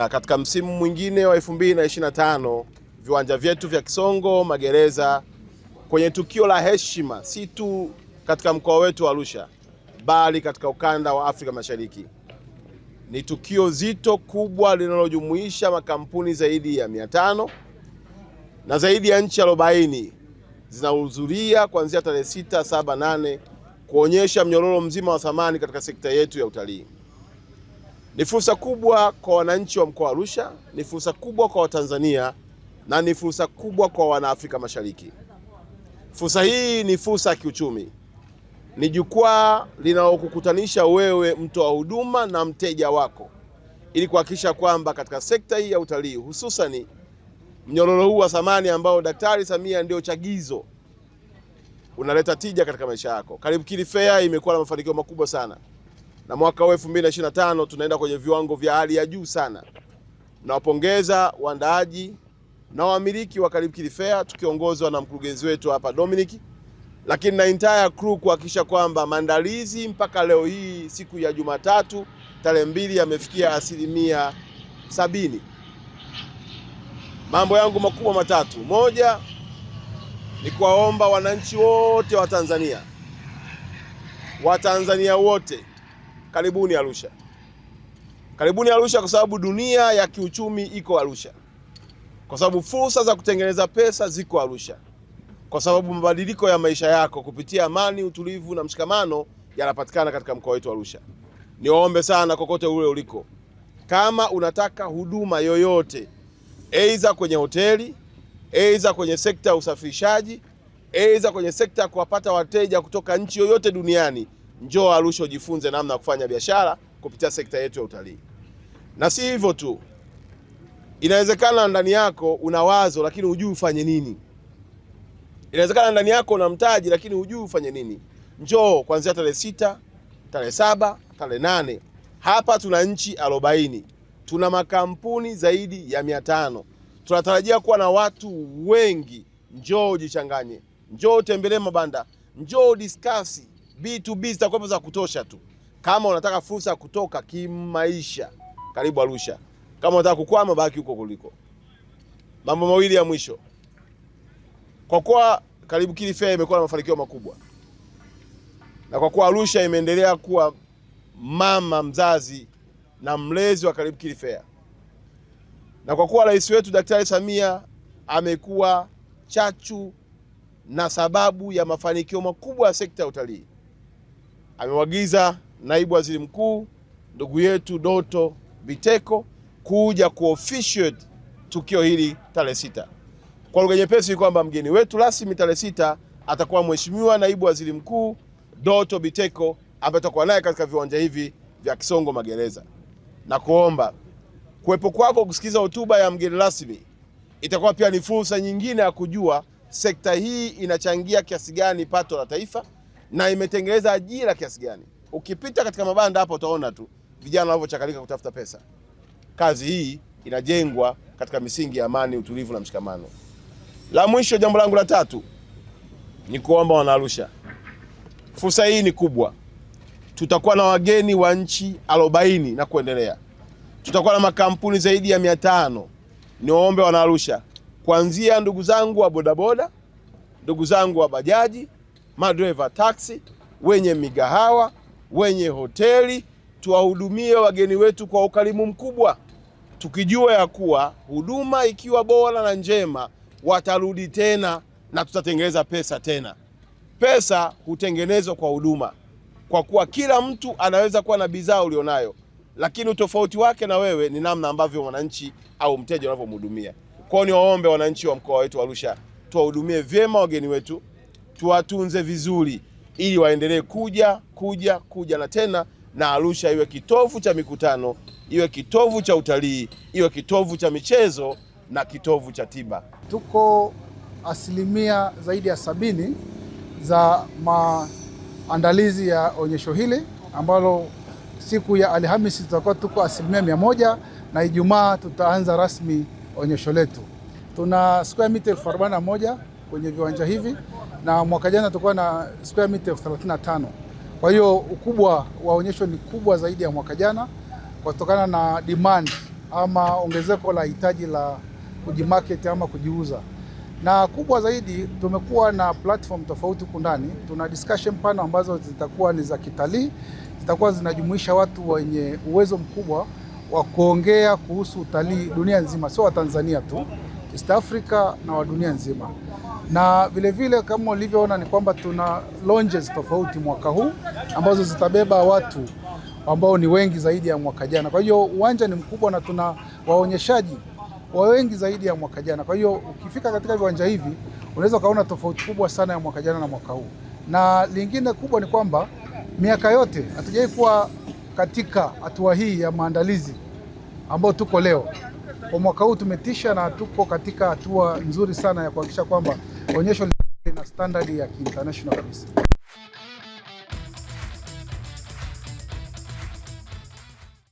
Na katika msimu mwingine wa 2025 viwanja vyetu vya Kisongo Magereza, kwenye tukio la heshima, si tu katika mkoa wetu wa Arusha, bali katika ukanda wa Afrika Mashariki. Ni tukio zito kubwa linalojumuisha makampuni zaidi ya 500 na zaidi ya nchi 40 zinahudhuria kuanzia tarehe 6, 7, 8 kuonyesha mnyororo mzima wa thamani katika sekta yetu ya utalii. Ni fursa kubwa kwa wananchi wa mkoa wa Arusha, ni fursa kubwa kwa Watanzania na ni fursa kubwa kwa wanaafrika Mashariki. Fursa hii ni fursa ya kiuchumi, ni jukwaa linalokukutanisha wewe mtoa huduma na mteja wako, ili kuhakikisha kwamba katika sekta hii ya utalii, hususani mnyororo huu wa thamani ambao Daktari Samia ndio chagizo, unaleta tija katika maisha yako. Karibu Kili Fair imekuwa na mafanikio makubwa sana na mwaka huu 2025 tunaenda kwenye viwango vya hali ya juu sana. Nawapongeza waandaaji na wamiliki wa Karibu Kili Fair tukiongozwa na mkurugenzi wetu hapa Dominic, lakini na entire crew kuhakikisha kwamba maandalizi mpaka leo hii siku ya Jumatatu tarehe mbili yamefikia asilimia sabini. Mambo yangu makubwa matatu, moja ni kuwaomba wananchi wote wa Tanzania, Watanzania wote karibuni Arusha, karibuni Arusha kwa sababu dunia ya kiuchumi iko Arusha, kwa sababu fursa za kutengeneza pesa ziko Arusha, kwa sababu mabadiliko ya maisha yako kupitia amani, utulivu na mshikamano yanapatikana katika mkoa wetu Arusha. Niwaombe sana kokote ule uliko, kama unataka huduma yoyote, aidha kwenye hoteli, aidha kwenye sekta ya usafirishaji, aidha kwenye sekta ya kuwapata wateja kutoka nchi yoyote duniani njoo Arusha ujifunze namna ya kufanya biashara kupitia sekta yetu ya utalii. Na si hivyo tu, inawezekana ndani yako una wazo lakini hujui ufanye nini. Inawezekana ndani yako una mtaji lakini hujui ufanye nini. Njoo kuanzia tarehe sita, tarehe saba, tarehe nane. Hapa tuna nchi arobaini, tuna makampuni zaidi ya mia tano. Tunatarajia kuwa na watu wengi. Njoo ujichanganye, njoo utembelee mabanda, njoo discuss B2B zitakuwa za kutosha tu. Kama unataka fursa ya kutoka kimaisha, karibu Arusha. Kama unataka kukwama, baki huko kuliko. Mambo mawili ya mwisho, kwa kuwa karibu Kili Fair imekuwa na mafanikio makubwa na kwa kuwa Arusha imeendelea kuwa mama mzazi na mlezi wa karibu Kili Fair na kwa kuwa rais wetu Daktari Samia amekuwa chachu na sababu ya mafanikio makubwa ya sekta ya utalii, amemwagiza naibu waziri mkuu ndugu yetu Doto Biteko kuja kuofficiate tukio hili tarehe sita. Kwa lugha nyepesi, kwamba mgeni wetu rasmi tarehe sita atakuwa mheshimiwa naibu waziri mkuu Doto Biteko ambaye atakuwa naye katika viwanja hivi vya Kisongo Magereza, na kuomba kuwepo kwako kusikiza hotuba ya mgeni rasmi itakuwa pia ni fursa nyingine ya kujua sekta hii inachangia kiasi gani pato la taifa na imetengeneza ajira kiasi gani. Ukipita katika mabanda hapo utaona tu vijana wanavyochakalika kutafuta pesa. Kazi hii inajengwa katika misingi ya amani, utulivu na mshikamano. La mwisho, jambo langu la tatu ni kuomba Wanaarusha, fursa hii ni kubwa. Tutakuwa na wageni wa nchi arobaini na kuendelea, tutakuwa na makampuni zaidi ya mia tano. Niwaombe Wanaarusha, kuanzia ndugu zangu wa bodaboda, ndugu zangu wa bajaji madereva taxi, wenye migahawa, wenye hoteli, tuwahudumie wageni wetu kwa ukarimu mkubwa, tukijua ya kuwa huduma ikiwa bora na njema watarudi tena na tutatengeneza pesa tena. Pesa hutengenezwa kwa huduma, kwa kuwa kila mtu anaweza kuwa na bidhaa ulionayo, lakini utofauti wake na wewe ni namna ambavyo mwananchi au mteja unavyomhudumia. Kwa hiyo niwaombe wananchi wa mkoa wetu wa Arusha tuwahudumie vyema wageni wetu tuwatunze vizuri, ili waendelee kuja kuja kuja na tena, na Arusha iwe kitovu cha mikutano, iwe kitovu cha utalii, iwe kitovu cha michezo na kitovu cha tiba. Tuko asilimia zaidi ya sabini za maandalizi ya onyesho hili ambalo siku ya Alhamisi tutakuwa tuko asilimia mia moja na Ijumaa tutaanza rasmi onyesho letu. Tuna square mita elfu arobaini na moja kwenye viwanja hivi na mwaka jana tulikuwa na square meter elfu thelathini na tano. Kwa hiyo ukubwa wa onyesho ni kubwa zaidi ya mwaka jana kutokana na demand ama ongezeko la hitaji la kujimarket ama kujiuza, na kubwa zaidi tumekuwa na platform tofauti huku ndani. Tuna discussion pana ambazo zitakuwa ni za kitalii, zitakuwa zinajumuisha watu wenye uwezo mkubwa wa kuongea kuhusu utalii dunia nzima, sio Watanzania tu, East Africa na wa dunia nzima na vilevile vile, kama ulivyoona ni kwamba tuna launches tofauti mwaka huu ambazo zitabeba watu ambao ni wengi zaidi ya mwaka jana. Kwa hiyo uwanja ni mkubwa na tuna waonyeshaji wa wengi zaidi ya mwaka jana. Kwa hiyo ukifika katika viwanja hivi unaweza ukaona tofauti kubwa sana ya mwaka jana na mwaka huu, na lingine kubwa ni kwamba miaka yote hatujai kuwa katika hatua hii ya maandalizi ambayo tuko leo. Kwa mwaka huu tumetisha na tuko katika hatua nzuri sana ya kuhakikisha kwamba onyesho lina standard ya kiinternational kabisa.